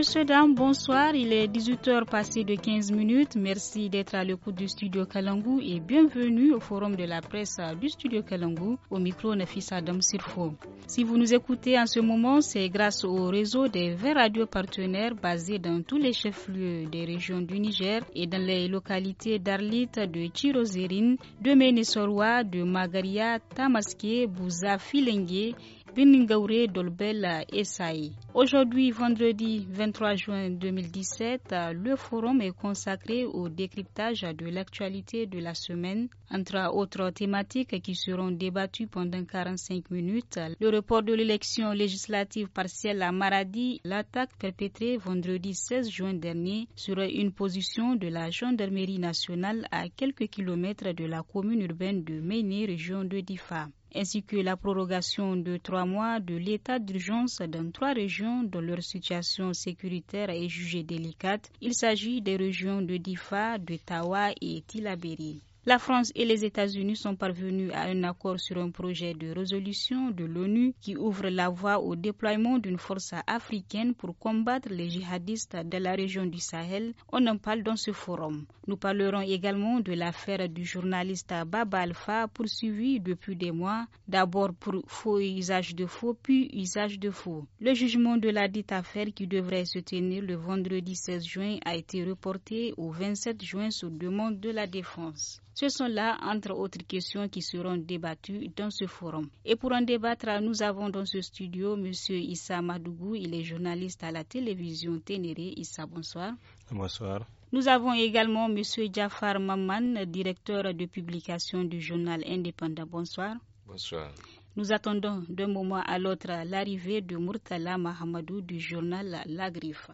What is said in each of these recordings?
Monsieur, bonsoir. Il est 18h passé de 15 minutes. Merci d'être à l'écoute du studio Kalangou et bienvenue au forum de la presse du studio Kalangou au micro Nafis Adam Sirfo. Si vous nous écoutez en ce moment, c'est grâce au réseau des 20 radios partenaires basés dans tous les chefs-lieux des régions du Niger et dans les localités d'Arlit, de Tirozerine, de Menesorwa, de Magaria, Tamaské, Bouza, Filengue Dolbel et Aujourd'hui, vendredi 23 juin 2017, le forum est consacré au décryptage de l'actualité de la semaine, entre autres thématiques qui seront débattues pendant 45 minutes. Le report de l'élection législative partielle à Maradi, l'attaque perpétrée vendredi 16 juin dernier sur une position de la gendarmerie nationale à quelques kilomètres de la commune urbaine de Méné, région de Difa ainsi que la prorogation de trois mois de l'état d'urgence dans trois régions dont leur situation sécuritaire est jugée délicate. Il s'agit des régions de Difa, de Tawa et Tilaberi. La France et les États-Unis sont parvenus à un accord sur un projet de résolution de l'ONU qui ouvre la voie au déploiement d'une force africaine pour combattre les djihadistes de la région du Sahel. On en parle dans ce forum. Nous parlerons également de l'affaire du journaliste Baba Alpha poursuivi depuis des mois, d'abord pour faux usage de faux, puis usage de faux. Le jugement de la dite affaire qui devrait se tenir le vendredi 16 juin a été reporté au 27 juin sous demande de la défense. Ce sont là, entre autres questions, qui seront débattues dans ce forum. Et pour en débattre, nous avons dans ce studio M. Issa Madougou, il est journaliste à la télévision Ténéré. Issa, bonsoir. Bonsoir. Nous avons également M. Jafar Maman, directeur de publication du journal indépendant. Bonsoir. Bonsoir. Nous attendons d'un moment à l'autre l'arrivée de Murtala Mahamadou du journal La Griffe.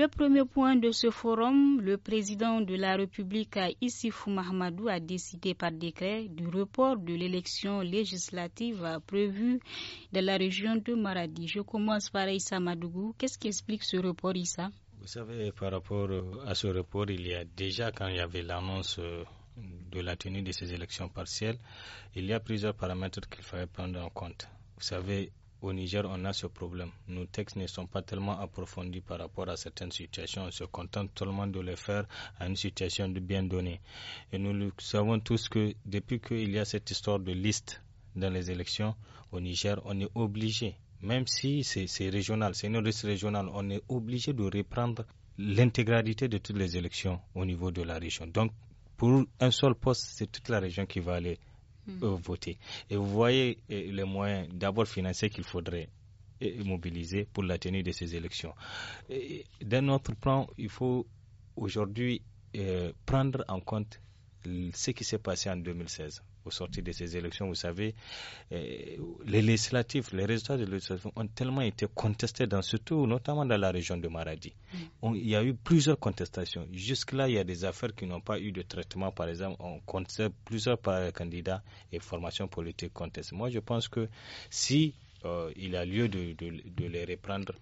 Le premier point de ce forum, le président de la République Issifou Mahamadou a décidé par décret du report de l'élection législative prévue dans la région de Maradi. Je commence par Issa Madougou. Qu'est-ce qui explique ce report, Issa Vous savez, par rapport euh, à ce report, il y a déjà, quand il y avait l'annonce euh, de la tenue de ces élections partielles, il y a plusieurs paramètres qu'il fallait prendre en compte. Vous savez, au Niger, on a ce problème. Nos textes ne sont pas tellement approfondis par rapport à certaines situations. On se contente tellement de les faire à une situation de bien donnée. Et nous savons tous que depuis qu'il y a cette histoire de liste dans les élections au Niger, on est obligé, même si c'est régional, c'est une liste régionale, on est obligé de reprendre l'intégralité de toutes les élections au niveau de la région. Donc, pour un seul poste, c'est toute la région qui va aller Hmm. Euh, voter. Et vous voyez euh, les moyens d'abord financiers qu'il faudrait euh, mobiliser pour la tenue de ces élections. D'un autre plan, il faut aujourd'hui prendre en compte ce qui s'est passé en 2016 sortie de ces élections, vous savez, eh, les législatives, les résultats des législatives ont tellement été contestés dans ce tour, notamment dans la région de Maradi. Mm. il y a eu plusieurs contestations. Jusque-là, il y a des affaires qui n'ont pas eu de traitement. Par exemple, on conteste plusieurs candidats et formations politiques contestées. Moi, je pense que si euh, il a lieu de, les reprendre,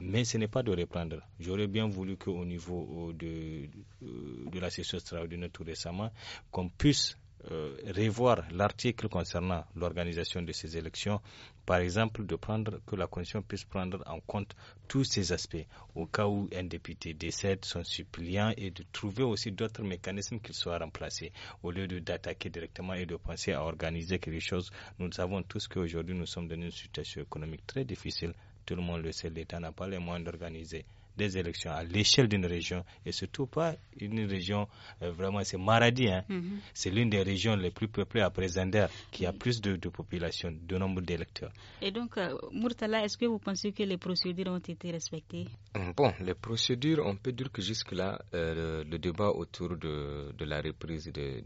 mais ce n'est pas de reprendre. J'aurais bien voulu qu'au niveau euh, de, euh, de, la session extraordinaire tout récemment, qu'on puisse euh, revoir l'article concernant l'organisation de ces élections, par exemple, de prendre que la commission puisse prendre en compte tous ces aspects au cas où un député décède, son suppliant, et de trouver aussi d'autres mécanismes qu'il soit remplacé au lieu d'attaquer directement et de penser à organiser quelque chose. Nous savons tous qu'aujourd'hui nous sommes dans une situation économique très difficile. Tout le monde le sait, l'État n'a pas les moyens d'organiser des élections à l'échelle d'une région et surtout pas une région euh, vraiment c'est Maradi hein. Mm-hmm. c'est l'une des régions les plus peuplées à présent qui a plus de, population de nombre d'électeurs et donc euh, Murtala est-ce que vous pensez que les procédures ont été respectées mm, bon les procédures on peut dire que jusque là euh, le, débat autour de, la reprise de,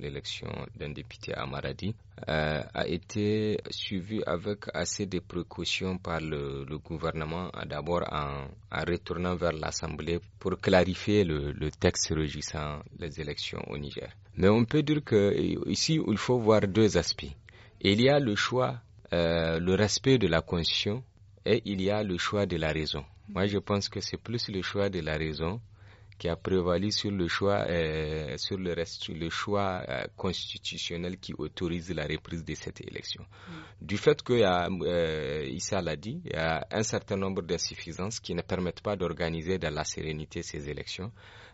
l'élection d'un député à Maradi a été suivi avec assez de précautions par le, gouvernement d'abord en, en retour tournant vers l'Assemblée pour clarifier le, texte régissant les élections au Niger. Mais on peut dire que ici, il faut voir deux aspects. Il y a le choix, euh, le respect de la conscience, et il y a le choix de la raison. Moi, je pense que c'est plus le choix de la raison qui a prévalu sur le choix, euh, sur le reste, le choix euh, constitutionnel qui autorise la reprise de cette élection. Mm. Du fait que, euh, l'a dit, il y a un certain nombre d'insuffisances qui ne permettent pas d'organiser dans la sérénité ces élections,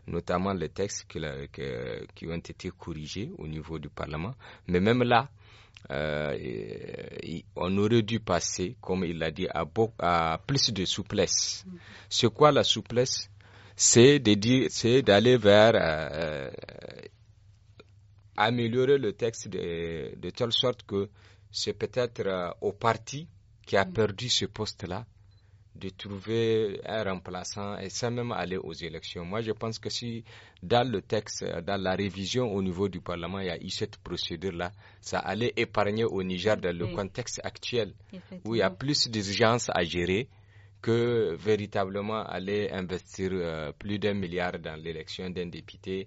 notamment les textes qui ont été corrigés au niveau du Parlement. Mais même là, on aurait dû passer, comme il l'a dit, à, à, plus de souplesse. Mm. C'est quoi la souplesse c'est d'aller vers euh, euh, améliorer le texte de, telle sorte que c'est peut-être euh, au parti qui a mm. perdu ce poste-là de trouver un remplaçant et sans même aller aux élections. Moi, je pense que si dans le texte, dans la révision au niveau du Parlement, il y a eu cette procédure-là, ça allait épargner au Niger dans le contexte actuel où il y a plus d'urgence à gérer que véritablement aller investir euh, plus d'un milliard dans l'élection d'un député,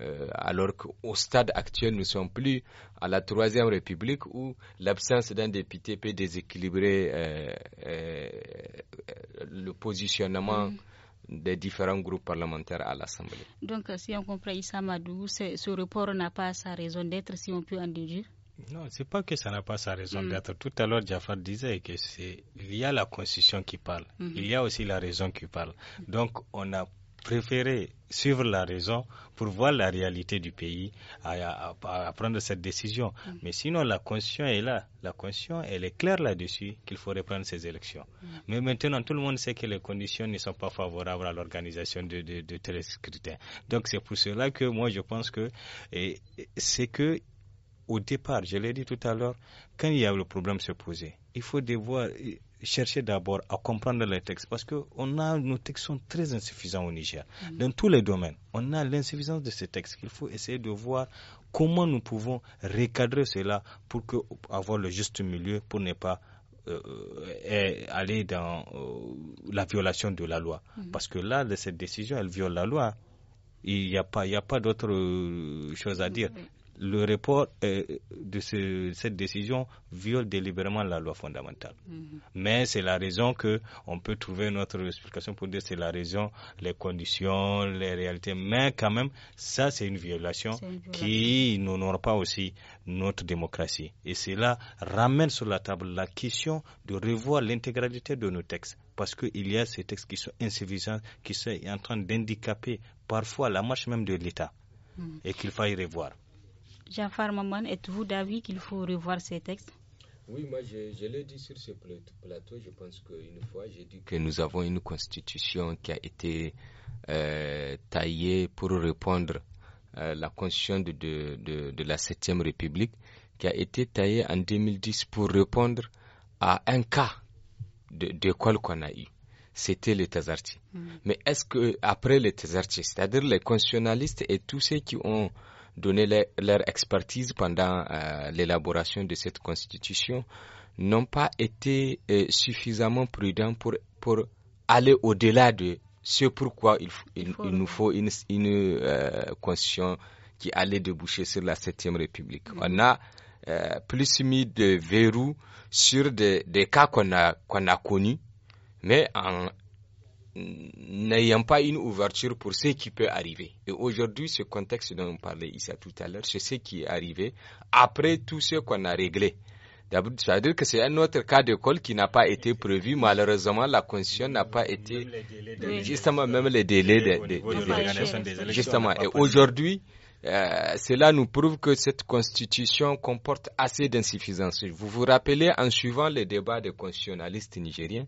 euh, alors qu'au stade actuel, nous ne sommes plus à la Troisième République où l'absence d'un député peut déséquilibrer euh, le positionnement. Mm. des différents groupes parlementaires à l'Assemblée. Donc, si on comprend Issa Madou, ce report n'a pas sa raison d'être, si on peut en déduire non, c'est pas que ça n'a pas sa raison mm. d'être. Tout à l'heure, Jafar disait que c'est il y a la constitution qui parle, mm-hmm. il y a aussi la raison qui parle. Donc, on a préféré suivre la raison pour voir la réalité du pays, à, prendre cette décision. Mm. Mais sinon, la constitution est là. La constitution, elle est claire là-dessus qu'il faut reprendre ces élections. Mm. Mais maintenant, tout le monde sait que les conditions ne sont pas favorables à l'organisation de, de, de tels Donc, c'est pour cela que moi, je pense que c'est que au départ, je l'ai dit tout à l'heure, quand il y a le problème se poser, il faut devoir euh, chercher d'abord à comprendre les textes parce que on a, nos textes sont très insuffisants au Niger. Mm. Dans tous les domaines, on a l'insuffisance de ces textes Il faut essayer de voir comment nous pouvons recadrer cela pour que, avoir le juste milieu pour ne pas euh, euh, eh, aller dans la violation de la loi. Mm. Parce que là, de cette décision, elle viole la loi. Il n'y a pas, il a pas d'autre chose à dire. Mm le report de cette décision viole délibérément la loi fondamentale. Mm-hmm. Mais c'est la raison que on peut trouver notre explication pour dire c'est la raison, les conditions, les réalités. Mais quand même, ça c'est une, violation qui n'honore pas aussi notre démocratie. Et cela ramène sur la table la question de revoir l'intégralité de nos textes. Parce qu'il y a ces textes qui sont insuffisants, qui sont en train d'handicaper parfois la marche même de l'État. Mm-hmm. Et qu'il faille revoir. Jafar Maman, êtes-vous d'avis qu'il faut revoir ces textes Oui, moi je, l'ai dit sur ce plateau, je pense qu'une fois j'ai dit que nous avons une constitution qui a été euh, taillée pour répondre à euh, la constitution de, de, la 7 République, qui a été taillée en 2010 pour répondre à un cas de quoi qu'on a eu c'était les Tazartis. Hmm. Mais est-ce que après les Tazartis, c'est-à-dire les constitutionnalistes et tous ceux qui ont donner leur, expertise pendant euh, l'élaboration de cette constitution n'ont pas été euh, suffisamment prudents pour, pour aller au-delà de ce pourquoi il, il, nous faut une, une euh, constitution qui allait déboucher sur la 7 République. On a plus mis de verrous sur des, cas qu'on a, qu'on a connus, mais en, n'ayant pas une ouverture pour ce qui peut arriver. Et aujourd'hui, ce contexte dont on parlait ici tout à l'heure, c'est ce qui est arrivé après tout ce qu'on a réglé. Ça veut dire que c'est un autre cas d'école qui n'a pas été prévu. Malheureusement, la Constitution n'a pas été. Justement, même les délais. De, de, justement. Et aujourd'hui, euh, cela nous prouve que cette Constitution comporte assez d'insuffisances. Vous vous rappelez, en suivant les débats des constitutionnalistes nigériens,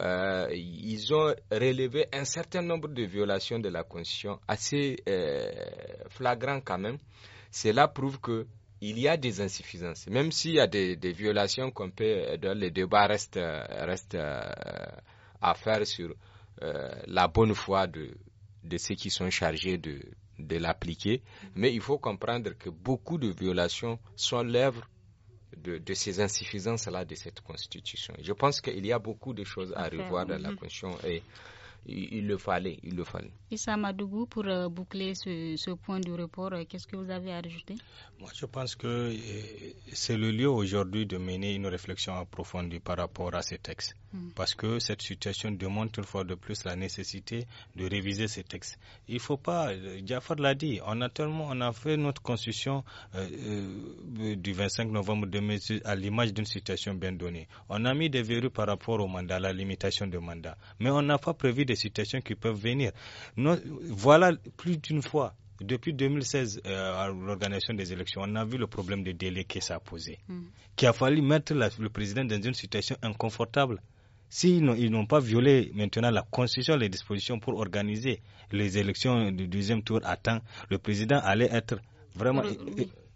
euh, ils ont relevé un certain nombre de violations de la Constitution, assez euh, flagrant quand même. Cela prouve que il y a des insuffisances, même s'il y a des, des violations qu'on peut, euh, les débats restent, euh, restent à faire sur euh, la bonne foi de, de ceux qui sont chargés de, de l'appliquer. Mais il faut comprendre que beaucoup de violations sont l'œuvre de, de ces insuffisances-là de cette Constitution. Je pense qu'il y a beaucoup de choses à revoir dans la mm-hmm. Constitution et il, le fallait, il le fallait. Issa Madougou, pour euh, boucler ce, point du report, euh, qu'est-ce que vous avez à rajouter Moi, je pense que euh, c'est le lieu aujourd'hui de mener une réflexion approfondie par rapport à ces textes, hmm. parce que cette situation demande une fois de plus la nécessité de réviser ces textes. Il ne faut pas, Jafar l'a dit, on a tellement, on a fait notre constitution du 25 novembre à l'image d'une situation bien donnée. On a mis des verrues par rapport au mandat, la limitation de mandat, mais on n'a pas prévu de des situations qui peuvent venir. voilà plus d'une fois depuis 2016, euh, à l'organisation des élections, on a vu le problème de délai que ça a posé, qui mm. qu'il a fallu mettre le président dans une situation inconfortable. S'ils n'ont pas violé maintenant la Constitution, les dispositions pour organiser les élections du deuxième tour à temps, le président allait être vraiment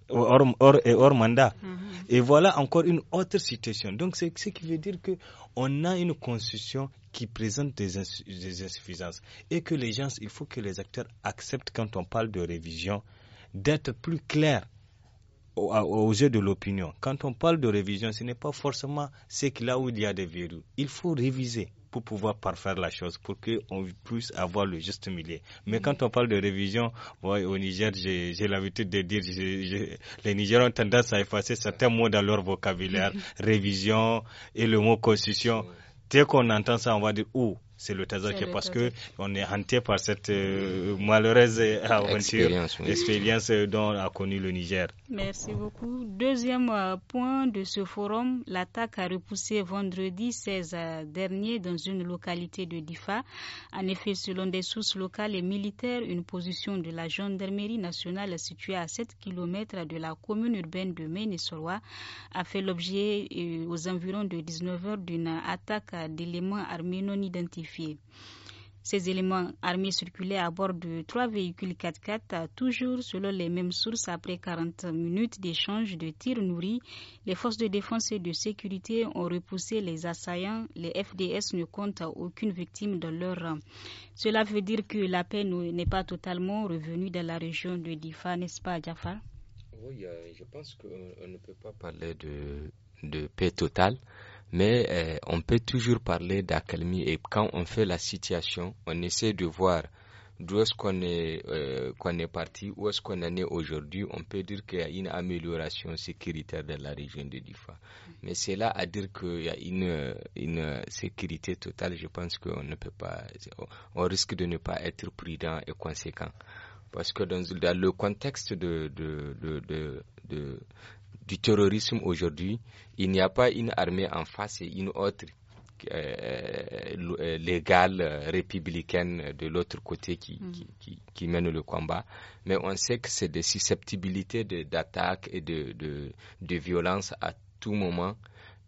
hors, et mandat. Mhm. Et voilà encore une autre situation. Donc, c'est ce qui veut dire que on a une constitution qui présente des, insuffisances et que les gens, il faut que les acteurs acceptent quand on parle de révision d'être plus clairs aux yeux de l'opinion. Quand on parle de révision, ce n'est pas forcément là où il y a des verrous. Il faut réviser pour pouvoir parfaire la chose, pour qu'on puisse avoir le juste milieu. Mais mm. quand on parle de révision, au Niger, j'ai l'habitude de dire, les Nigériens ont tendance à effacer certains mots dans leur vocabulaire, révision et le mot constitution. Dès qu'on entend ça, on va dire, où oh, c'est le tas qui est parce qu'on que on est hanté par cette euh, malheureuse expérience, dont a connu le Niger. Merci beaucoup. Deuxième euh, point de ce forum, l'attaque a repoussé vendredi 16 euh, dernier dans une localité de Difa. En effet, selon des sources locales et militaires, une position de la gendarmerie nationale située à 7 km de la commune urbaine de Ménesoroa a fait l'objet aux environs de 19h d'une attaque d'éléments armés non identifiés ces éléments armés circulaient à bord de trois véhicules 4x4, toujours selon les mêmes sources. Après 40 minutes d'échanges de tirs nourris, les forces de défense et de sécurité ont repoussé les assaillants. Les FDS ne comptent aucune victime dans leur rang. Cela veut dire que la paix n'est pas totalement revenue dans la région de Difa, n'est-ce pas, Jaffa Oui, euh, je pense qu'on ne peut pas parler de paix totale mais euh, on peut toujours parler d'accalmie et quand on fait la situation, on essaie de voir d'où est-ce qu'on est, euh, qu'on est parti, où est-ce qu'on en est aujourd'hui, on peut dire qu'il y a une amélioration sécuritaire dans la région de Difa. Mais c'est là à dire qu'il y a une, une sécurité totale, je pense qu'on ne peut pas, on risque de ne pas être prudent et conséquent. Parce que dans, le contexte de, de, de, de, du terrorisme aujourd'hui, il n'y a pas une armée en face et une autre euh, euh, légale, euh, républicaine de l'autre côté mm. qui, qui, mène le combat. Mais on sait que c'est des susceptibilités d'attaque et de, de, de violence à tout moment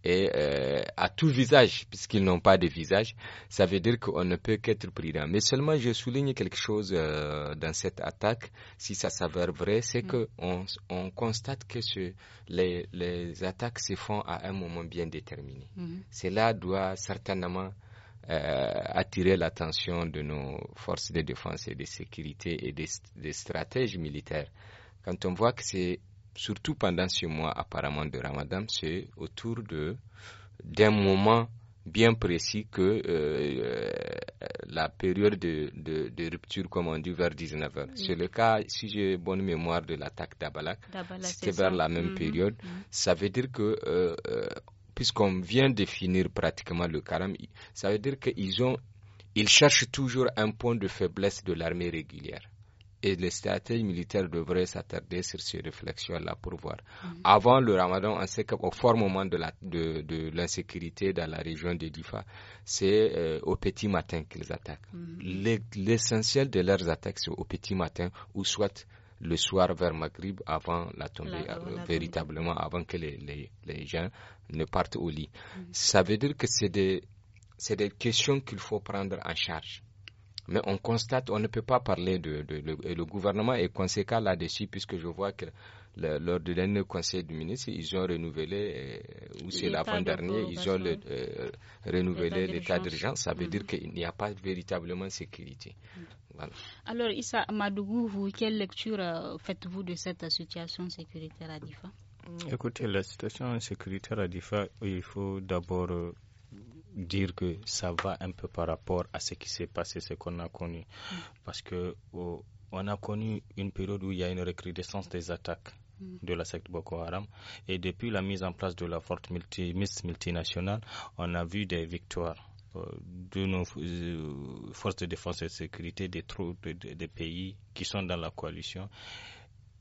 et euh, à tout visage, puisqu'ils n'ont pas de visage, ça veut dire qu'on ne peut qu'être prudent. Mais seulement, je souligne quelque chose euh, dans cette attaque, si ça s'avère vrai, c'est mm. que qu'on on constate que ce, les, les, attaques se font à un moment bien déterminé. Mm. Cela doit certainement euh, attirer l'attention de nos forces de défense et de sécurité et des, des stratèges militaires. Quand on voit que c'est surtout pendant ce mois apparemment de Ramadan, c'est autour de d'un moment bien précis que euh, euh la période de, de, de, rupture, comme on dit, vers 19h. C'est le cas, si j'ai bonne mémoire, de l'attaque d'Abalak. C'était vers la même mhm. période. Mhm. Ça veut dire que, euh, euh, puisqu'on vient de finir pratiquement le Karam, ça veut dire qu'ils ont, ils cherchent toujours un point de faiblesse de l'armée régulière et les stratégies militaires devraient s'attarder sur ces réflexions-là pour voir. Mhm. Avant le ramadan, on sait qu'au fort moment de, de, de l'insécurité dans la région de Difa, c'est euh, au petit matin qu'ils attaquent. Mhm. L'essentiel de leurs attaques, c'est au petit matin ou soit le soir vers Maghrib avant la tombée, euh, véritablement avant que les, les, gens ne partent au lit. Mhm. Ça veut dire que c'est des, c'est des questions qu'il faut prendre en charge mais on constate, on ne peut pas parler de, le, gouvernement est conséquent là-dessus puisque je vois que lors du dernier conseil du ministre, ils ont renouvelé, euh, ou c'est l'avant-dernier, ils ont euh, renouvelé l'état d'urgence. Ça veut dire mm-hmm. qu'il n'y a pas véritablement sécurité. Alors, Issa Madougou, vous, quelle lecture euh, faites-vous de cette situation sécuritaire à Difa Écoutez, la situation sécuritaire à Difa, il faut d'abord dire que ça va un peu par rapport à ce qui s'est passé, ce qu'on a connu. Parce que oh, on a connu une période où il y a une recrudescence des attaques mm. de la secte Boko Haram. Et depuis la mise en place de la force multinationale, on a vu des victoires euh, de nos euh, forces de défense et de sécurité des, troupes, des, des pays qui sont dans la coalition.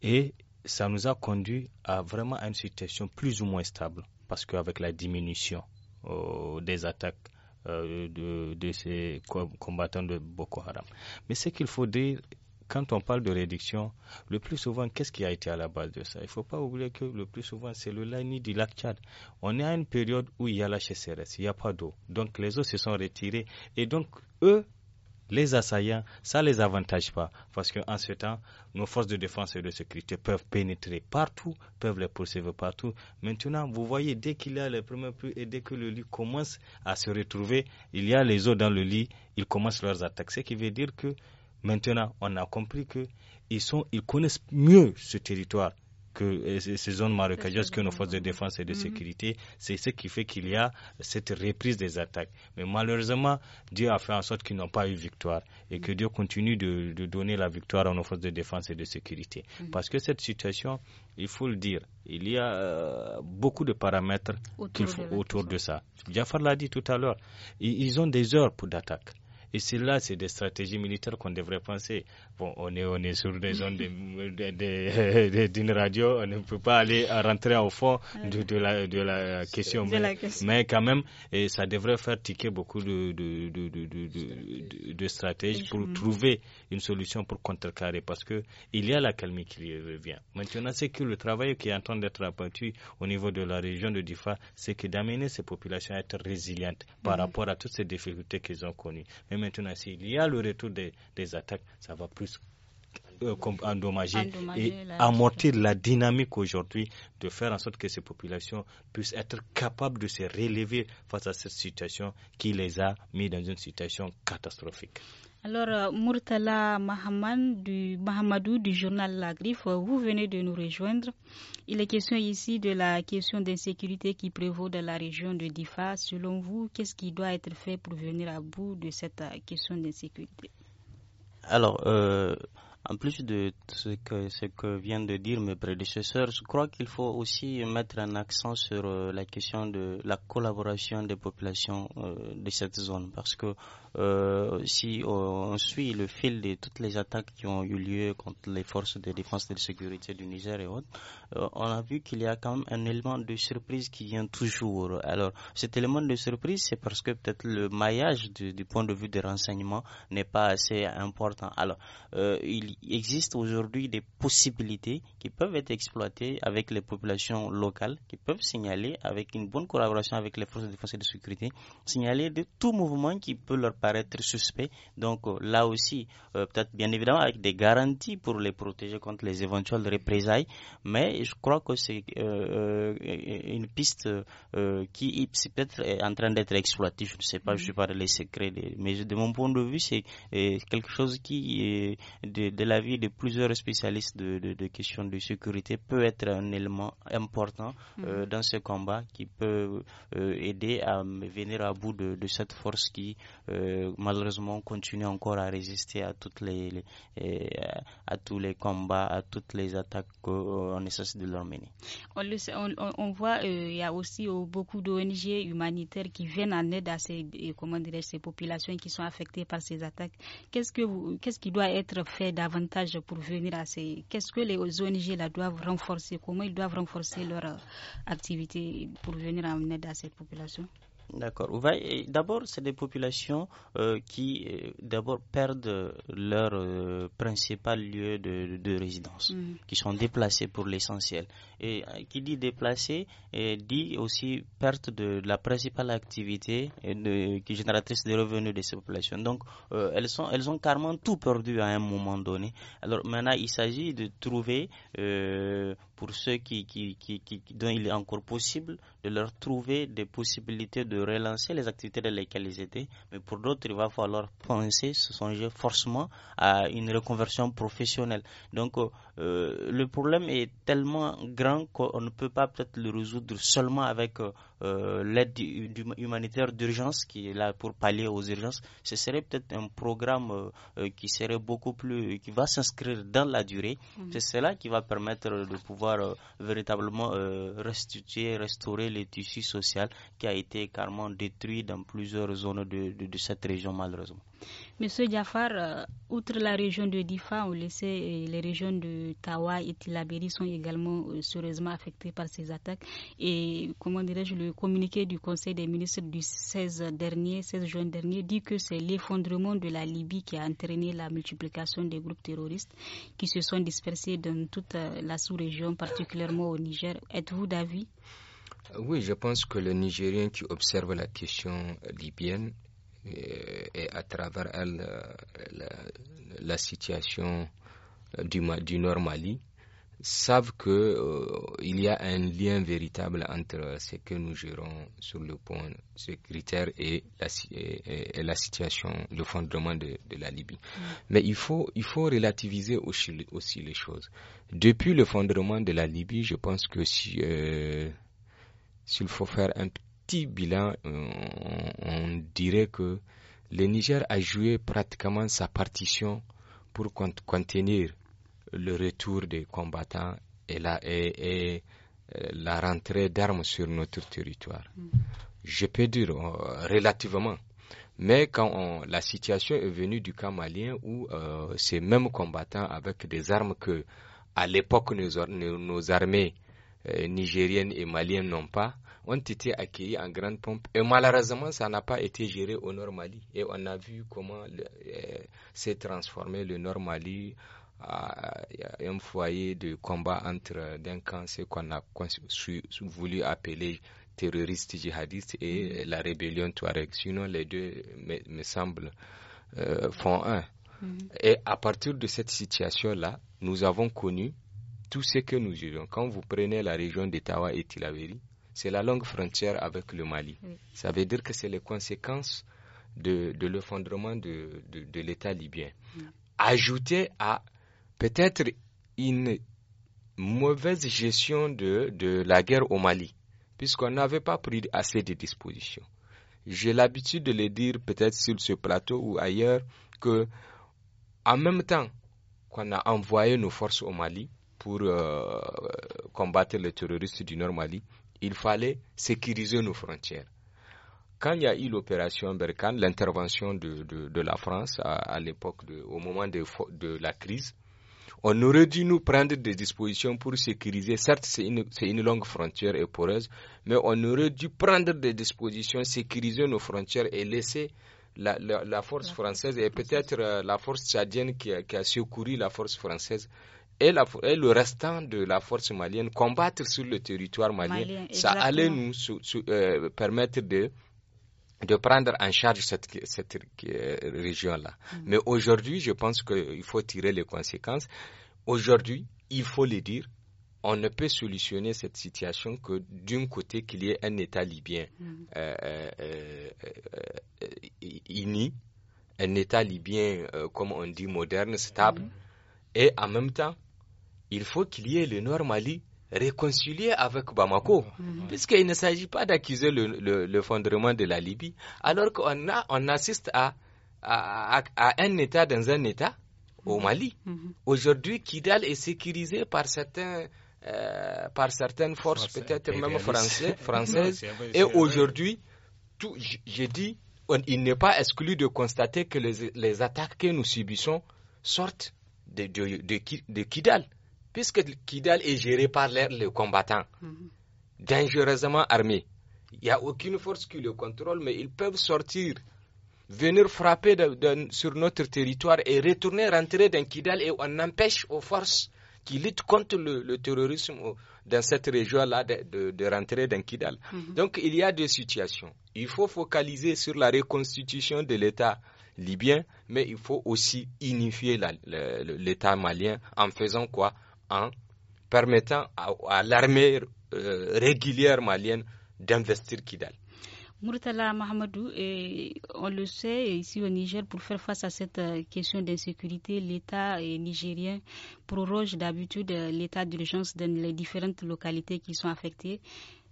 Et ça nous a conduit à vraiment une situation plus ou moins stable, parce qu'avec la diminution euh, des attaques euh, de, ces combattants de Boko Haram. Mais ce qu'il faut dire, quand on parle de réduction, le plus souvent, qu'est-ce qui a été à la base de ça Il ne faut pas oublier que le plus souvent, c'est le lani du lac Tchad. On est à une période où il y a la sécheresse, il n'y a pas d'eau. Donc les eaux se sont retirées. Et donc, eux, les assaillants, ça les avantage pas. Parce qu'en ce temps, nos forces de défense et de sécurité peuvent pénétrer partout, peuvent les poursuivre partout. Maintenant, vous voyez, dès qu'il y a les premiers pluies et dès que le lit commence à se retrouver, il y a les eaux dans le lit, ils commencent leurs attaques. Ce qui veut dire que maintenant, on a compris qu'ils ils connaissent mieux ce territoire que ces zones qui que nos forces de défense et de mhm. sécurité, c'est ce qui fait qu'il y a cette reprise des attaques. Mais malheureusement, Dieu a fait en sorte qu'ils n'ont pas eu victoire et que mhm. Dieu continue de, donner la victoire à nos forces de défense et de sécurité. Mhm. Parce que cette situation, il faut le dire, il y a euh, beaucoup de paramètres autour, de, ça. Jafar l'a dit tout à l'heure, ils, ils ont des heures pour d'attaque. Et là, c'est des stratégies militaires qu'on devrait penser. Bon, on est, sur des zones d'une radio, on ne peut pas aller rentrer au fond de, la, question. Mais, quand même, ça devrait faire tiquer beaucoup de, de, stratégies pour trouver une solution pour contrecarrer parce qu'il y a la calmie qui revient. Maintenant, c'est que le travail qui est en train d'être apporté au niveau de la région de Difa, c'est que d'amener ces populations à être résilientes par rapport à toutes ces difficultés qu'ils ont connues. Mais maintenant, s'il y a le retour des, attaques, ça va plus euh, endommager, et amortir la dynamique aujourd'hui de faire en sorte que ces populations puissent être capables de se relever face à cette situation qui les a mis dans une situation catastrophique. Alors, euh, Murtala Mahaman du, Mahamadou du journal La Griffe, euh, vous venez de nous rejoindre. Il est question ici de la question d'insécurité qui prévaut dans la région de Difa. Selon vous, qu'est-ce qui doit être fait pour venir à bout de cette euh, question d'insécurité Alors, en plus de ce que, ce que vient de dire mes prédécesseurs, je crois qu'il faut aussi mettre un accent sur la question de la collaboration des populations de cette zone parce que euh, si on suit le fil de toutes les attaques qui ont eu lieu contre les forces de défense et de sécurité du Niger et autres, euh, on a vu qu'il y a quand même un élément de surprise qui vient toujours. Alors, cet élément de surprise, c'est parce que peut-être le maillage du, point de vue des renseignements n'est pas assez important. Alors, euh, il existe aujourd'hui des possibilités qui peuvent être exploitées avec les populations locales, qui peuvent signaler avec une bonne collaboration avec les forces de défense et de sécurité, signaler de tout mouvement qui peut leur permettre être suspect. Donc euh, là aussi, euh, peut-être bien évidemment avec des garanties pour les protéger contre les éventuelles représailles, mais je crois que c'est euh, une piste qui peut-être est en train d'être exploitée. Je ne sais pas, je ne mm-hmm. suis pas les secrets, mais de mon point de vue, c'est quelque chose qui, de, l'avis de plusieurs spécialistes de, questions de sécurité, peut être un élément important mm-hmm. dans ce combat qui peut aider à venir à bout de, cette force qui malheureusement continue encore à résister à toutes les, eh, à tous les combats, à toutes les attaques qu'on essaie de leur mener. On, on, voit euh, il y a aussi euh, beaucoup d'ONG humanitaires qui viennent en aide à ces eh, comment ces populations qui sont affectées par ces attaques. Qu'est-ce qui doit être fait davantage pour venir à ces qu'est-ce que les ONG doivent renforcer comment ils doivent renforcer leur euh, activité pour venir en aide à cette populations D'accord. D'abord, c'est des populations euh, qui, euh, d'abord, perdent leur euh, principal lieu de, résidence, mm. qui sont déplacées pour l'essentiel. Et qui dit déplacées, dit aussi perte de, la principale activité qui qui génératrice des revenus de ces populations. Donc, elles, sont, elles ont carrément tout perdu à un moment donné. Alors maintenant, il s'agit de trouver pour ceux qui, qui, qui, dont il est encore possible de leur trouver des possibilités de relancer les activités dans lesquelles ils étaient. Mais pour d'autres, il va falloir penser, se songer forcément à une reconversion professionnelle. Donc euh, euh, le problème est tellement grand qu'on ne peut pas peut-être le résoudre seulement avec euh, euh, l'aide humanitaire d'urgence qui est là pour pallier aux urgences, ce serait peut-être un programme euh, euh, qui serait beaucoup plus, qui va s'inscrire dans la durée. Mm-hmm. C'est cela qui va permettre de pouvoir euh, véritablement restituer, restaurer les tissus social qui a été carrément détruit dans plusieurs zones de cette région malheureusement. Monsieur Jafar, euh, outre la région de Difa, on le sait, les régions de Tawa et Tilaberi sont également euh, sérieusement affectées par ces attaques. Et comment dirais-je, le communiqué du Conseil des ministres du 16, 16 juin dernier dit que c'est l'effondrement de la Libye qui a entraîné la multiplication des groupes terroristes qui se sont dispersés dans toute euh, la sous-région, particulièrement au Niger. Êtes-vous d'avis oui, je pense que le Nigérien qui observe la question libyenne et, à travers elle euh, la, situation du, du Nord Mali savent que euh, il y a un lien véritable entre ce que nous gérons sur le point sécuritaire et la, et, la situation, le fondement de, la Libye. Mm. Mais il faut, il faut relativiser aussi, aussi, les choses. Depuis le fondement de la Libye, je pense que si euh, s'il faut faire un petit bilan, euh, on, dirait que le Niger a joué pratiquement sa partition pour contenir le retour des combattants et la, euh, rentrée d'armes sur notre territoire. Mm. Je peux dire euh, relativement. Mais quand la situation est venue du camp malien où ces mêmes combattants avec des armes que à l'époque nos, armées nigériennes et maliennes n'ont pas, ont été accueillis en grande pompe. Et malheureusement, ça n'a pas été géré au Nord Mali. Et on a vu comment euh, s'est transformé le Nord Mali à euh, un foyer de combat entre euh, d'un camp, ce qu'on a voulu appeler terroriste djihadiste et mm. la rébellion Touareg. Sinon, les deux, me, me semble, font un. Mm. Et à partir de cette situation-là, nous avons connu tout ce que nous avions. Quand vous prenez la région d'Etawa et Tilaberi, c'est la longue frontière avec le Mali. Ça veut dire que c'est les conséquences de, l'effondrement de, l'État libyen. Ajouté à peut-être une mauvaise gestion de, la guerre au Mali, puisqu'on n'avait pas pris assez de dispositions. J'ai l'habitude de le dire peut-être sur ce plateau ou ailleurs que en même temps qu'on a envoyé nos forces au Mali pour euh, combattre les terroristes du Nord Mali, il fallait sécuriser nos frontières. Quand il y a eu l'opération Berkane, l'intervention de, la France à, l'époque, au moment de, la crise, on aurait dû nous prendre des dispositions pour sécuriser. Certes, c'est une, longue frontière et poreuse, mais on aurait dû prendre des dispositions, sécuriser nos frontières et laisser la, force française et peut-être euh, la force tchadienne qui qui a secouru la force française et, le restant de la force malienne combattre sur le territoire malien, ça allait nous euh, permettre de de prendre en charge cette, cette région-là. Mm. Mais aujourd'hui, je pense qu'il faut tirer les conséquences. Aujourd'hui, il faut le dire, on ne peut solutionner cette situation que d'un côté qu'il y ait un État libyen mm. euh, euh, uni, un État libyen, comme on dit, moderne, stable, mm. et en même temps, il faut qu'il y ait le Nord Mali réconcilié avec Bamako, mm-hmm. Mm-hmm. puisqu'il ne s'agit pas d'accuser le, fondement de la Libye, alors qu'on a, on assiste à, à, un État dans un État au mm-hmm. Mali. Aujourd'hui, Kidal est sécurisé par certains... Euh, par certaines forces, peut-être même françaises. et aujourd'hui, j'ai dit, il n'est pas exclu de constater que les, attaques que nous subissons sortent de, de, de Kidal puisque Kidal est géré par les combattants, mhm. dangereusement armés. Il n'y a aucune force qui le contrôle, mais ils peuvent sortir, venir frapper sur notre territoire et retourner, rentrer dans Kidal et on empêche aux forces qui luttent contre le, terrorisme dans cette région-là de, rentrer dans Kidal. Mhm. Donc il y a deux situations. Il faut focaliser sur la reconstitution de l'État libyen, mais il faut aussi unifier l'État malien en faisant quoi en hein, permettant à, l'armée euh, régulière malienne d'investir Kidal. Murtala Mahamadou, on le sait, ici au Niger, pour faire face à cette euh, question d'insécurité, l'État euh, nigérien proroge d'habitude l'état d'urgence dans les différentes localités qui sont affectées.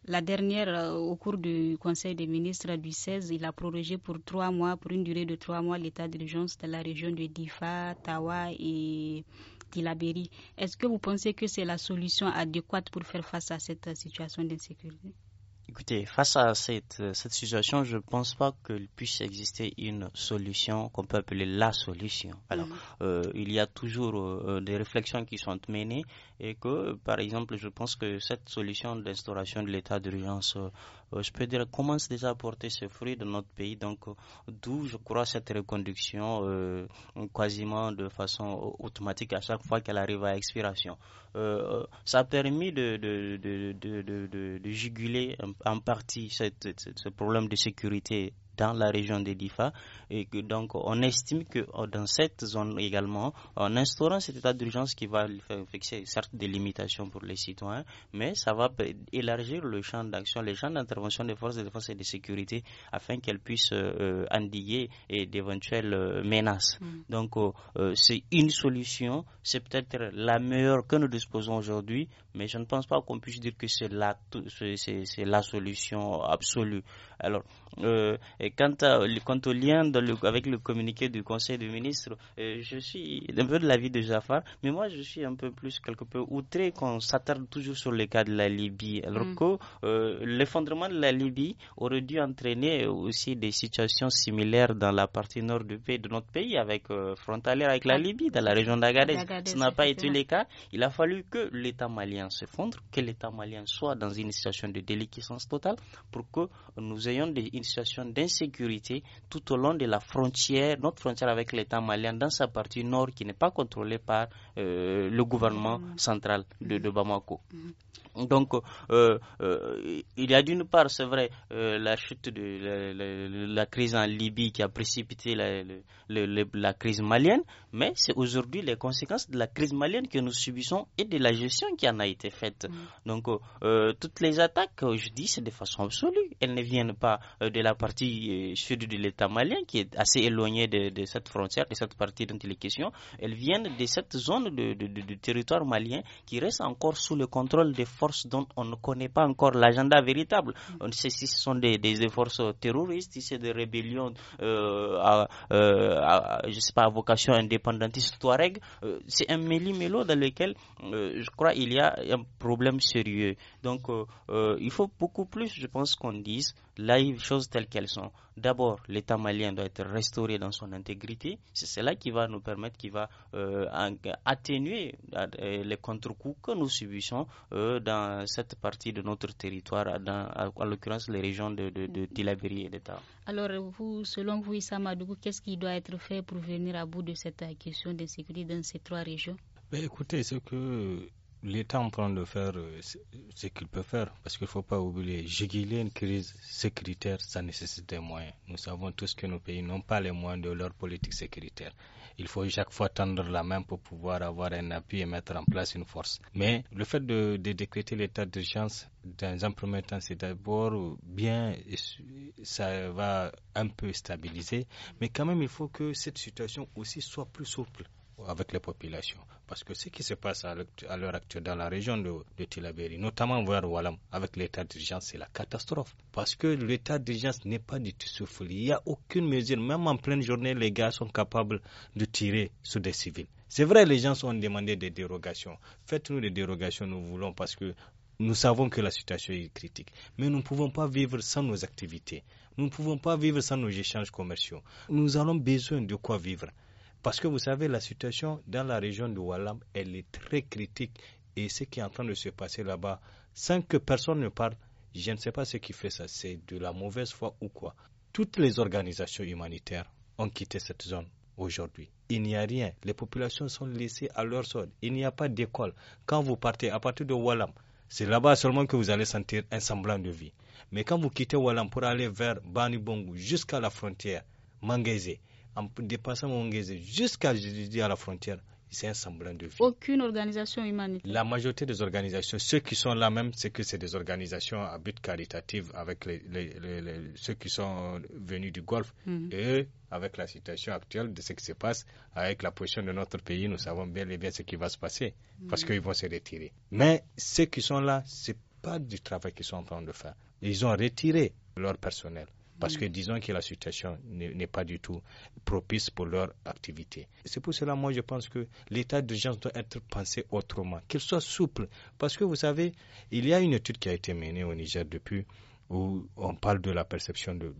La dernière, au cours du Conseil des ministres du 16, il a prorogé pour trois mois, pour une durée de trois mois, l'état d'urgence dans la région de Difa, Tawa et est-ce que vous pensez que c'est la solution adéquate pour faire face à cette situation d'insécurité Écoutez, face à cette, euh, situation, je ne pense pas qu'il puisse exister une solution qu'on peut appeler la solution. Alors, mhm. euh, il y a toujours euh, des réflexions qui sont menées et que, par exemple, je pense que cette solution d'instauration de l'état d'urgence euh, je peux dire, commence déjà à porter ses fruits dans notre pays. Donc, euh, d'où, je crois, cette reconduction euh, quasiment de façon automatique à chaque fois qu'elle arrive à expiration. ça a permis de, de, juguler en partie ce problème de sécurité dans la région de Difa. Et que, donc, on estime que euh, dans cette zone également, en instaurant cet état d'urgence qui va fixer certes des limitations pour les citoyens, mais ça va élargir le champ d'action, les champs d'intervention des forces de défense et de sécurité afin qu'elles puissent euh, endiguer d'éventuelles euh, menaces. Mm. Donc, c'est une solution, c'est peut-être la meilleure que nous disposons aujourd'hui, mais je ne pense pas qu'on puisse dire que c'est la, c'est la solution absolue. Alors, euh, quant, à, quant, au lien avec le communiqué du Conseil des ministre, euh, je suis un peu de l'avis de Jafar, mais moi je suis un peu plus, quelque peu outré qu'on s'attarde toujours sur le cas de la Libye. Alors mm. que euh, l'effondrement de la Libye aurait dû entraîner aussi des situations similaires dans la partie nord du pays, de notre pays, avec frontalière avec la Libye, dans la région d'Agadez. Ce n'a pas été le cas. Il a fallu que l'État malien s'effondre, que l'État malien soit dans une situation de déliquescence totale pour que nous ayons des, une situation d'insécurité tout au long de la frontière, notre frontière avec l'État malien, dans sa partie nord qui n'est pas contrôlée par euh, le gouvernement mmh. central de, mmh. Bamako. Mmh. Donc, euh, euh, il y a d'une part, c'est vrai, euh, la chute de la, crise en Libye qui a précipité la, crise malienne, mais c'est aujourd'hui les conséquences de la crise malienne que nous subissons et de la gestion qui en a été faite. Mm. Donc, toutes les attaques, je dis, c'est de façon absolue. Elles ne viennent pas de la partie sud de l'État malien qui est assez éloignée de, cette frontière, de cette partie dont il est question. Elles viennent de cette zone de, territoire malien qui reste encore sous le contrôle des forces dont on ne connaît pas encore l'agenda véritable. On sait si ce sont des, forces terroristes, si c'est des rébellions euh, euh, à, je sais pas, vocation indépendantiste touareg. Euh, c'est un méli-mélo dans lequel je crois il y a un problème sérieux. Donc il faut beaucoup plus, je pense, qu'on dise les choses telles qu'elles sont. D'abord, l'État malien doit être restauré dans son intégrité. C'est cela qui va nous permettre, qui va atténuer les contre-coups que nous subissons dans euh, cette partie de notre territoire, dans, en l'occurrence les régions de, de, mm. et d'État. Alors, selon vous, Issa qu'est-ce qui doit être fait pour venir à bout de cette euh, question de sécurité dans ces trois régions ben, Écoutez, ce que l'État est en train de faire, euh, ce qu'il peut faire, parce qu'il ne faut pas oublier, guillé une crise sécuritaire, ça nécessite des moyens. Nous savons tous que nos pays n'ont pas les moyens de leur politique sécuritaire il faut chaque fois tendre la main pour pouvoir avoir un appui et mettre en place une force. Mais le fait de, décréter l'état d'urgence, dans un premier temps, c'est d'abord bien, ça va un peu stabiliser, mais quand même, il faut que cette situation aussi soit plus souple avec les populations. Parce que ce qui se passe à l'heure actuelle dans la région de, de Tilaberi, notamment vers Wallam, avec l'état d'urgence, c'est la catastrophe. Parce que l'état d'urgence n'est pas du tout soufflé. Il n'y a aucune mesure. Même en pleine journée, les gars sont capables de tirer sur des civils. C'est vrai, les gens ont demandé des dérogations. Faites-nous des dérogations, nous voulons, parce que nous savons que la situation est critique, mais nous ne pouvons pas vivre sans nos activités. Nous ne pouvons pas vivre sans nos échanges commerciaux. Nous avons besoin de quoi vivre. Parce que vous savez, la situation dans la région de Wallam, elle est très critique. Et ce qui est en train de se passer là-bas, sans que personne ne parle, je ne sais pas ce qui fait ça. C'est de la mauvaise foi ou quoi. Toutes les organisations humanitaires ont quitté cette zone aujourd'hui. Il n'y a rien. Les populations sont laissées à leur sort. Il n'y a pas d'école. Quand vous partez à partir de Wallam, c'est là-bas seulement que vous allez sentir un semblant de vie. Mais quand vous quittez Wallam pour aller vers Banibongo jusqu'à la frontière, Mangézé, en dépassant Mongézé jusqu'à à la frontière, c'est un semblant de vie. Aucune organisation humanitaire. La majorité des organisations, ceux qui sont là même, c'est que c'est des organisations à but caritatif avec les, ceux qui sont venus du Golfe. Mhm. Et avec la situation actuelle de ce qui se passe, avec la position de notre pays, nous savons bien et bien ce qui va se passer mhm. parce qu'ils vont se retirer. Mais ceux qui sont là, c'est pas du travail qu'ils sont en train de faire. Ils ont retiré leur personnel parce mm. que disons que la situation n'est pas du tout propice pour leur activité. C'est pour cela, moi, je pense que l'état gens doit être pensé autrement, qu'il soit souple, parce que vous savez, il y a une étude qui a été menée au Niger depuis où on parle de la perception de,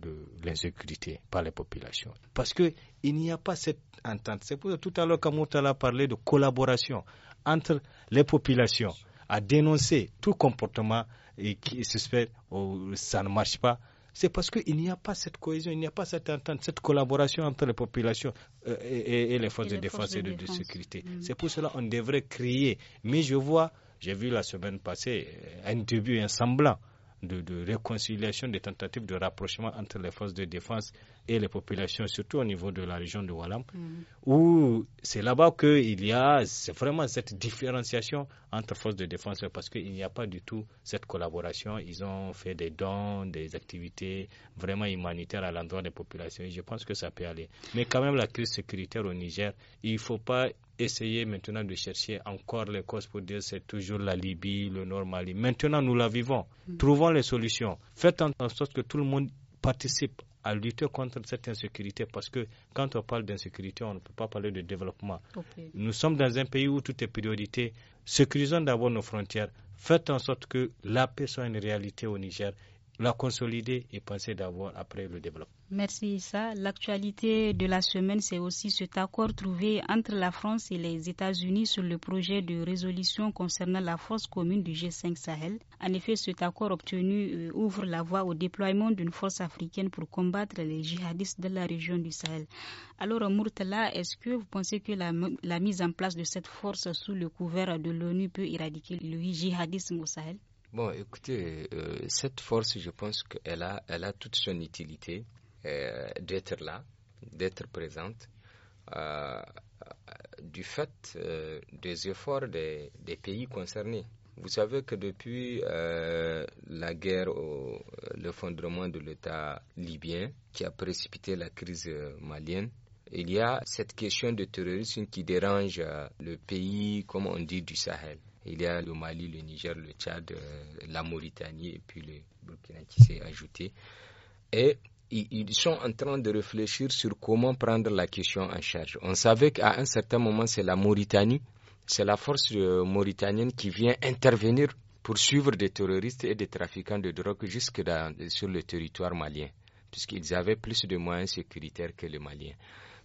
l'insécurité par les populations. Parce qu'il n'y a pas cette entente. C'est pour ça tout à l'heure, Kamoutala a parlé de collaboration entre les populations à dénoncer tout comportement et qui fait ou oh, ça ne marche pas, c'est parce qu'il n'y a pas cette cohésion, il n'y a pas cette entente, cette collaboration entre les populations euh, et, les forces de défense et de, sécurité. Mm. C'est pour cela qu'on devrait crier. Mais je vois, j'ai vu la semaine passée euh, un début, un semblant. De, de, réconciliation, des tentatives de rapprochement entre les forces de défense et les populations, surtout au niveau de la région de Walam, mm. où c'est là-bas qu'il y a vraiment cette différenciation entre forces de défense parce qu'il n'y a pas du tout cette collaboration. Ils ont fait des dons, des activités vraiment humanitaires à l'endroit des populations et je pense que ça peut aller. Mais quand même, la crise sécuritaire au Niger, il ne faut pas essayer maintenant de chercher encore les causes pour dire c'est toujours la Libye, le Nord Mali. Maintenant, nous la vivons. Mm. Trouvons les solutions. Faites en sorte que tout le monde participe à lutter contre cette insécurité parce que quand on parle d'insécurité, on ne peut pas parler de développement. Nous sommes dans un pays où tout est priorité. Sécurisons d'abord nos frontières. Faites en sorte que la paix soit une réalité au Niger, la consolider et penser d'abord après le développement. Merci Issa. L'actualité de la semaine, c'est aussi cet accord trouvé entre la France et les États-Unis sur le projet de résolution concernant la force commune du G5 Sahel. En effet, cet accord obtenu euh, ouvre la voie au déploiement d'une force africaine pour combattre les djihadistes de la région du Sahel. Alors, Murtala, est-ce que vous pensez que la, mise en place de cette force sous le couvert de l'ONU peut éradiquer le djihadisme au Sahel Bon, écoutez, euh, cette force, je pense qu'elle a, elle a toute son utilité. Euh, d'être là, d'être présente. Euh, du fait euh, des efforts des, pays concernés. Vous savez que depuis la guerre, l'effondrement de l'État libyen qui a précipité la crise malienne, il y a cette question de terrorisme qui dérange le pays, comme on dit, du Sahel. Il y a le Mali, le Niger, le Tchad, la Mauritanie et puis le Burkina qui s'est ajouté. Et ils sont en train de réfléchir sur comment prendre la question en charge. On savait qu'à un certain moment, c'est la Mauritanie, c'est la force euh, mauritanienne qui vient intervenir pour suivre des terroristes et des trafiquants de drogue jusque dans, sur le territoire malien, puisqu'ils avaient plus de moyens sécuritaires que les Maliens.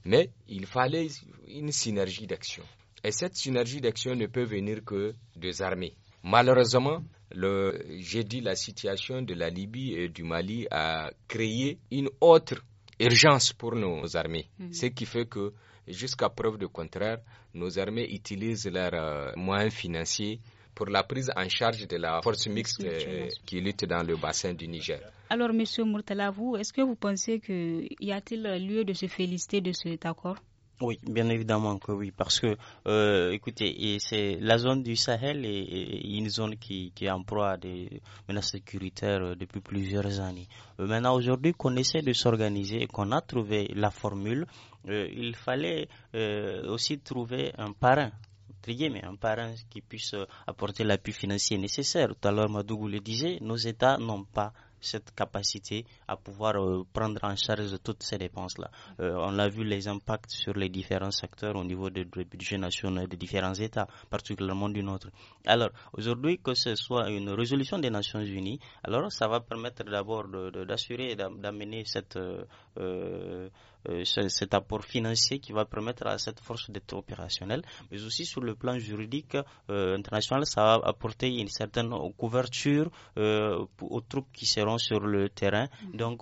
Mais il fallait une synergie d'action. Et cette synergie d'action ne peut venir que des armées. Malheureusement, le, j'ai dit la situation de la Libye et du Mali a créé une autre urgence pour nos armées, mhm. ce qui fait que jusqu'à preuve de contraire, nos armées utilisent leurs euh, moyens financiers pour la prise en charge de la force mixte euh, qui lutte dans le bassin du Niger. Alors, Monsieur Murtala, vous, est-ce que vous pensez qu'il y a-t-il lieu de se féliciter de cet accord oui, bien évidemment que oui, parce que, euh, écoutez, c'est la zone du Sahel est, une zone qui, qui est en proie des menaces sécuritaires euh, depuis plusieurs années. Euh, maintenant, aujourd'hui, qu'on essaie de s'organiser et qu'on a trouvé la formule, il fallait aussi trouver un parrain mais un parrain qui puisse apporter l'appui financier nécessaire. Tout à l'heure, Madougou le disait, nos États n'ont pas cette capacité à pouvoir euh, prendre en charge toutes ces dépenses-là. Euh, on l'a vu, les impacts sur les différents secteurs au niveau des de budgets nationaux des différents États, particulièrement du nôtre. Alors, aujourd'hui, que ce soit une résolution des Nations Unies, alors ça va permettre d'abord d'assurer et d'amener cette... Euh, euh, cet apport financier qui va permettre à cette force d'être opérationnelle, mais aussi sur le plan juridique euh, international, ça va apporter une certaine couverture euh, aux troupes qui seront sur le terrain. Mm. Donc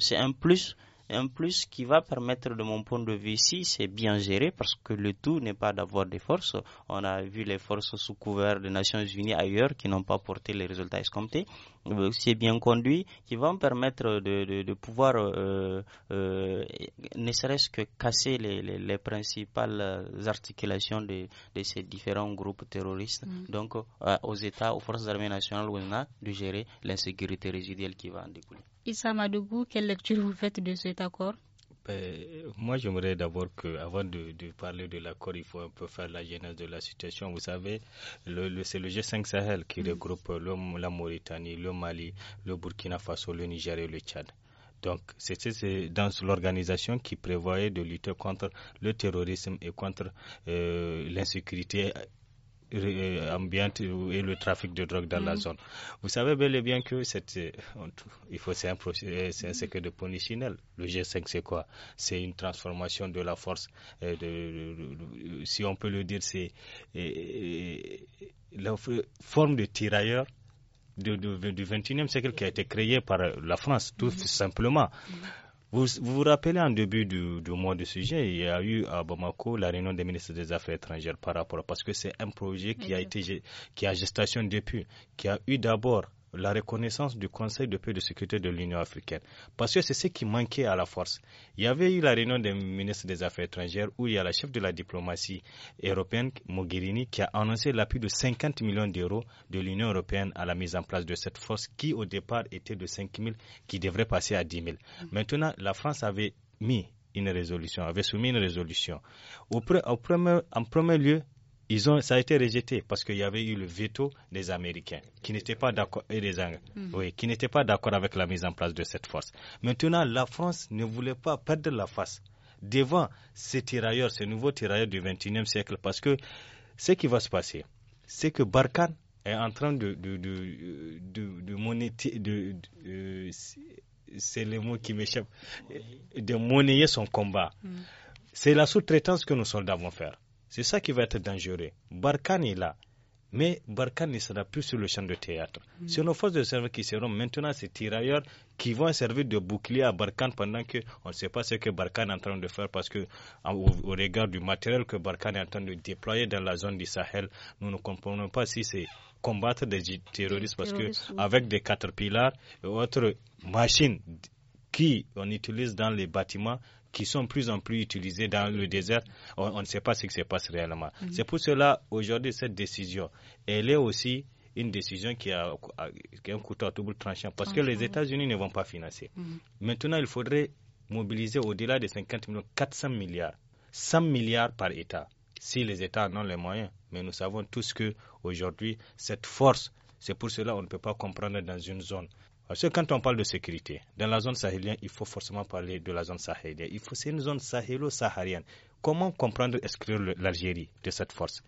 c'est un plus en plus, qui va permettre, de mon point de vue, si c'est bien géré, parce que le tout n'est pas d'avoir des forces. On a vu les forces sous couvert des Nations Unies ailleurs qui n'ont pas porté les résultats escomptés. Euh, c'est bien conduit, qui va permettre de, pouvoir, euh, euh, ne serait-ce que casser les, principales articulations de, ces différents groupes terroristes. Mm. Donc, aux États, aux forces armées nationales, on a de gérer l'insécurité résiduelle qui va en découler. Issa Madougou, quelle lecture vous faites de cet accord ben, moi, j'aimerais d'abord que, avant de, parler de l'accord, il faut un peu faire la genèse de la situation. Vous savez, le, c'est le G5 Sahel qui mm. regroupe la Mauritanie, le Mali, le Burkina Faso, le Niger et le Tchad. Donc, c'était dans l'organisation qui prévoyait de lutter contre le terrorisme et contre euh, l'insécurité eh, ambiante et le trafic de drogue dans la mm. zone. Vous savez bel et bien que c'est, euh, il faut, c'est un, euh, un, mm. secret de punitionnel. Le G5, c'est quoi C'est une transformation de la force. Euh, si on peut le dire, c'est la forme de tirailleur du XXIe siècle qui a été créée par la France, tout mm. simplement. Vous, vous, rappelez en début du, mois de sujet, il y a eu à Bamako la réunion des ministres des Affaires étrangères par rapport, parce que c'est un projet qui a été qui a gestation depuis, qui a eu d'abord la reconnaissance du Conseil de paix de sécurité de l'Union africaine. Parce que c'est ce qui manquait à la force. Il y avait eu la réunion des ministres des Affaires étrangères où il y a la chef de la diplomatie européenne, Mogherini, qui a annoncé l'appui de 50 millions d'euros de l'Union européenne à la mise en place de cette force qui, au départ, était de 5 000, qui devrait passer à 10 000. Maintenant, la France avait mis une résolution, avait soumis une résolution. en premier lieu, ils ça a été rejeté parce qu'il y avait eu le veto des Américains qui n'étaient pas d'accord et des Anglais, hmm. qui n'étaient pas d'accord avec la mise en place de cette force. Maintenant, la France ne voulait pas perdre la face devant ces tirailleurs, ces nouveaux tirailleurs du XXIe siècle, parce que ce qui va se passer, c'est que Barkhane est en train de, de, de, euh, de, de, euh, c'est qui m'échappe, de monnayer son combat. Hmm. C'est la sous-traitance que nous soldats vont faire. C'est ça qui va être dangereux. Barkhane est là. Mais Barkhane ne sera plus sur le champ de théâtre. Mmh. C'est nos forces de service qui seront maintenant ces tirailleurs qui vont servir de bouclier à Barkhane pendant qu'on ne sait pas ce que Barkhane est en train de faire parce que, au, regard du matériel que Barkhane est en train de déployer dans la zone du Sahel, nous ne comprenons pas si c'est combattre des terroristes parce qu'avec des quatre avec des et autres machines qui utilise dans les bâtiments, qui sont de plus en plus utilisés dans le désert, on, ne sait pas ce qui se passe réellement. Mhm. C'est pour cela, aujourd'hui, cette décision, elle est aussi une décision qui a, un couteau à double tranchant, parce que les États-Unis ne vont pas financer. Mhm. Maintenant, il faudrait mobiliser au-delà des 50 millions, 400 milliards, 100 milliards par État, si les États n'ont ont les moyens. Mais nous savons tous que aujourd'hui, cette force, c'est pour cela qu'on ne peut pas comprendre dans une zone parce que quand on parle de sécurité, dans la zone sahélienne, il faut forcément parler de la zone sahélienne. Il faut, c'est une zone sahélo-saharienne. Comment comprendre exclure l'Algérie de cette force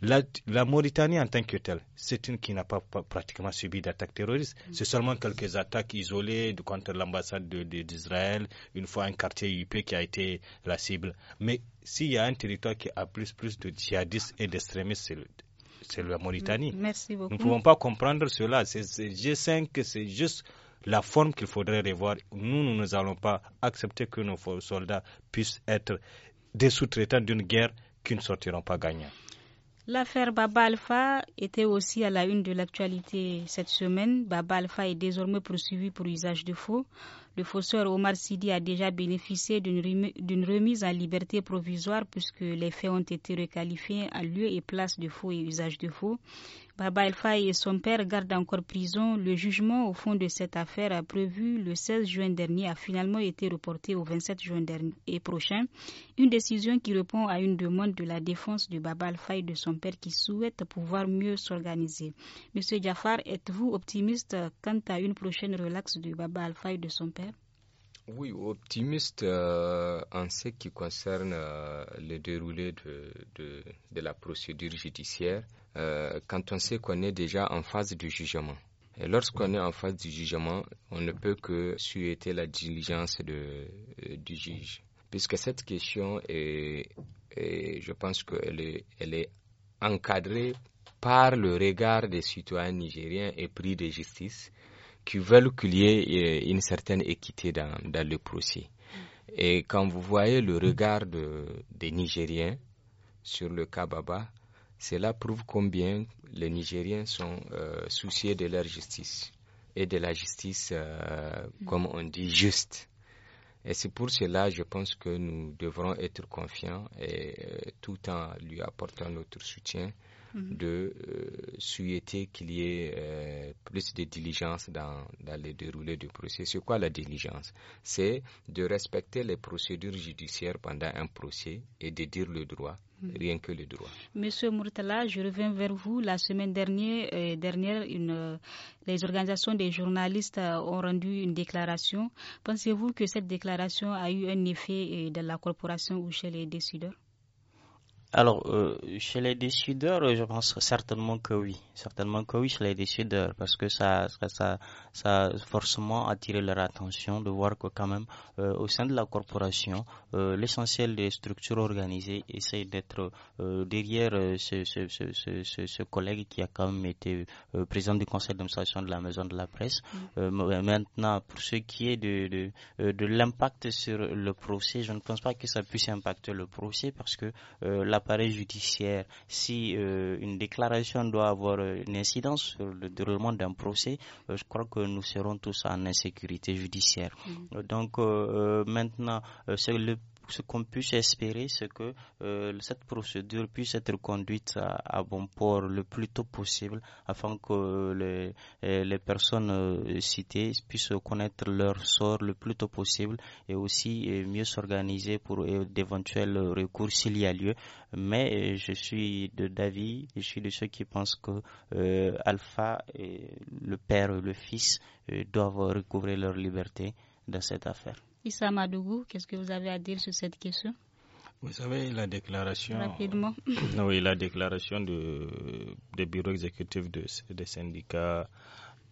la, Mauritanie en tant que telle, c'est une qui n'a pas, pratiquement subi d'attaque terroriste. Mm. C'est seulement quelques attaques isolées contre l'ambassade d'Israël, une fois un quartier IP qui a été la cible. Mais s'il y a un territoire qui a plus, plus de djihadistes et d'extrémistes, c'est c'est la Mauritanie. Mm, nous ne pouvons pas comprendre cela. C'est G5, c'est juste la forme qu'il faudrait revoir. Nous, nous allons pas accepter que nos soldats puissent être des sous-traitants d'une guerre qui ne sortiront pas gagnants. L'affaire Baba Alpha était aussi à la une de l'actualité cette semaine. Baba Alpha est désormais poursuivi pour usage de faux. Le fausseur Omar Sidi a déjà bénéficié d'une remise en liberté provisoire puisque les faits ont été requalifiés à lieu et place de faux et usage de faux. Baba El Fai et son père gardent encore prison. Le jugement au fond de cette affaire prévu le 16 juin dernier a finalement été reporté au 27 juin dernier et prochain. Une décision qui répond à une demande de la défense de Baba El Fay de son père qui souhaite pouvoir mieux s'organiser. Monsieur Jafar, êtes-vous optimiste quant à une prochaine relaxe de Baba El Fai de son père? Oui, optimiste euh, en ce qui concerne euh, le déroulé de, la procédure judiciaire, euh, quand on sait qu'on est déjà en phase de jugement. Et lorsqu'on est en phase du jugement, on ne peut que souhaiter la diligence du juge. Puisque cette question est, je pense qu'elle elle est encadrée par le regard des citoyens nigériens et pris de justice qui veulent qu'il y ait euh, une certaine équité dans, le procès. Mm. Et quand vous voyez le regard des Nigériens sur le Kababa, cela prouve combien les Nigériens sont euh, souciés de leur justice et de la justice, euh, mm. comme on dit, juste. Et c'est pour cela, je pense que nous devrons être confiants et tout en lui apportant notre soutien, Mm-hmm. de euh, souhaiter qu'il y ait euh, plus de diligence dans, dans le déroulé du procès. C'est quoi la diligence C'est de respecter les procédures judiciaires pendant un procès et de dire le droit mm-hmm. rien que le droit. Monsieur Murtala, je reviens vers vous. La semaine dernière, euh, dernière les organisations des journalistes ont rendu une déclaration. Pensez-vous que cette déclaration a eu un effet dans la corporation ou chez les décideurs alors, euh, chez les décideurs, je pense certainement que oui. Certainement que oui chez les décideurs, parce que ça, ça, ça, a forcément attiré leur attention de voir que quand même, euh, au sein de la corporation, euh, l'essentiel des structures organisées essaie d'être derrière ce, ce, ce, ce, collègue qui a quand même été président du conseil d'administration de la maison de la presse. Mm. maintenant, pour ce qui est de, de, de l'impact sur le procès, je ne pense pas que ça puisse impacter le procès parce que la appareil judiciaire, si euh, une déclaration doit avoir euh, une incidence sur le déroulement d'un procès, euh, je crois que nous serons tous en insécurité judiciaire. Mm-hmm. Donc maintenant, c'est le ce qu'on puisse espérer, c'est que euh, cette procédure puisse être conduite à, bon port le plus tôt possible afin que les, euh, personnes euh, citées puissent connaître leur sort le plus tôt possible et aussi mieux s'organiser pour d'éventuels recours s'il y a lieu. Mais je suis de d'avis, je suis de ceux qui pensent que Alpha, et le père et le fils, doivent recouvrir leur liberté dans cette affaire. Issa Madougou, qu'est-ce que vous avez à dire sur cette question Vous savez, la déclaration. Rapidement. Euh, oui, la déclaration de, des bureaux exécutifs de, des syndicats,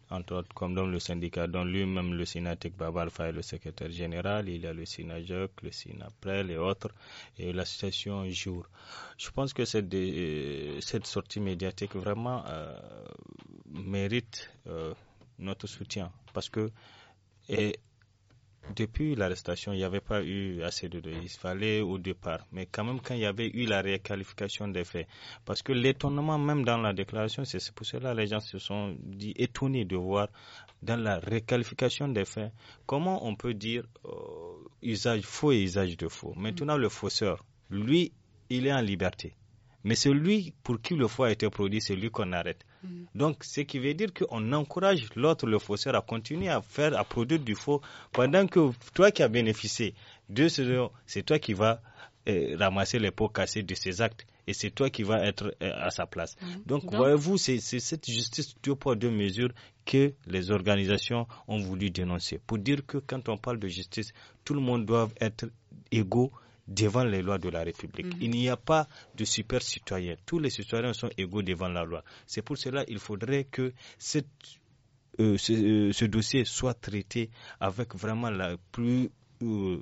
entre autres, comme dans le syndicat, dont lui-même le Sénatec Babal Faye, le secrétaire général, il y a le Sinajoc, le Sinaprel et autres, et l'association Jour. Je pense que cette, euh, cette sortie médiatique vraiment euh, mérite notre soutien parce que. Et, depuis l'arrestation, il n'y avait pas eu assez de Il fallait au départ. Mais quand même, quand il y avait eu la réqualification des faits, parce que l'étonnement même dans la déclaration, c'est pour cela que les gens se sont dit étonnés de voir dans la réqualification des faits, comment on peut dire euh, usage faux et usage de faux. Mm. Maintenant, le fausseur, lui, il est en liberté. Mais celui pour qui le faux a été produit, c'est lui qu'on arrête. Mm. Donc, ce qui veut dire qu'on encourage l'autre, le fausseur, à continuer à faire, à produire du faux, pendant que toi qui as bénéficié de ce, c'est toi qui vas euh, ramasser les pots cassés de ces actes et c'est toi qui vas être euh, à sa place. Mm. Donc, voyez-vous, c'est cette justice deux poids, de mesures que les organisations ont voulu dénoncer. Pour dire que quand on parle de justice, tout le monde doit être égaux devant les lois de la République. Mhm. Il n'y a pas de super citoyen. Tous les citoyens sont égaux devant la loi. C'est pour cela qu'il faudrait que euh, euh, ce, dossier soit traité avec vraiment la plus euh,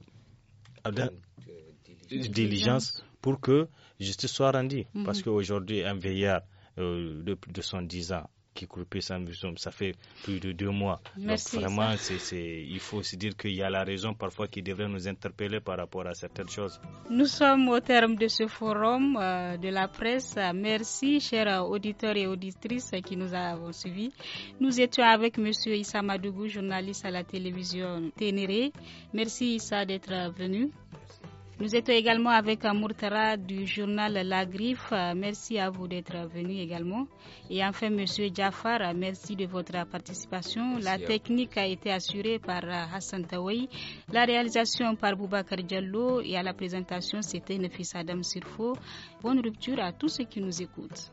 diligence. pour que justice soit rendue. Mhm. Parce qu'aujourd'hui, un veillard de plus de 110 ans qui coupait sans Ça fait plus de deux mois. Merci, Donc vraiment, il faut se dire qu'il y a la raison parfois qui devrait nous interpeller par rapport à certaines choses. Nous sommes au terme de ce forum euh, de la presse. Merci, chers auditeurs et auditrices qui nous avons suivis. Nous étions avec M. Issa Madougou, journaliste à la télévision Ténéré. Merci, Issa, d'être venu. Nous étions également avec Mourtara du journal La Griffe. Euh, merci à vous d'être venu également. Et enfin, Monsieur Jafar, euh, merci de votre participation. la technique a été assurée par euh, Hassan Tawai. la réalisation par Boubacar Diallo et à la présentation, c'était Nefis Adam Sirfo. Bonne rupture à tous ceux qui nous écoutent.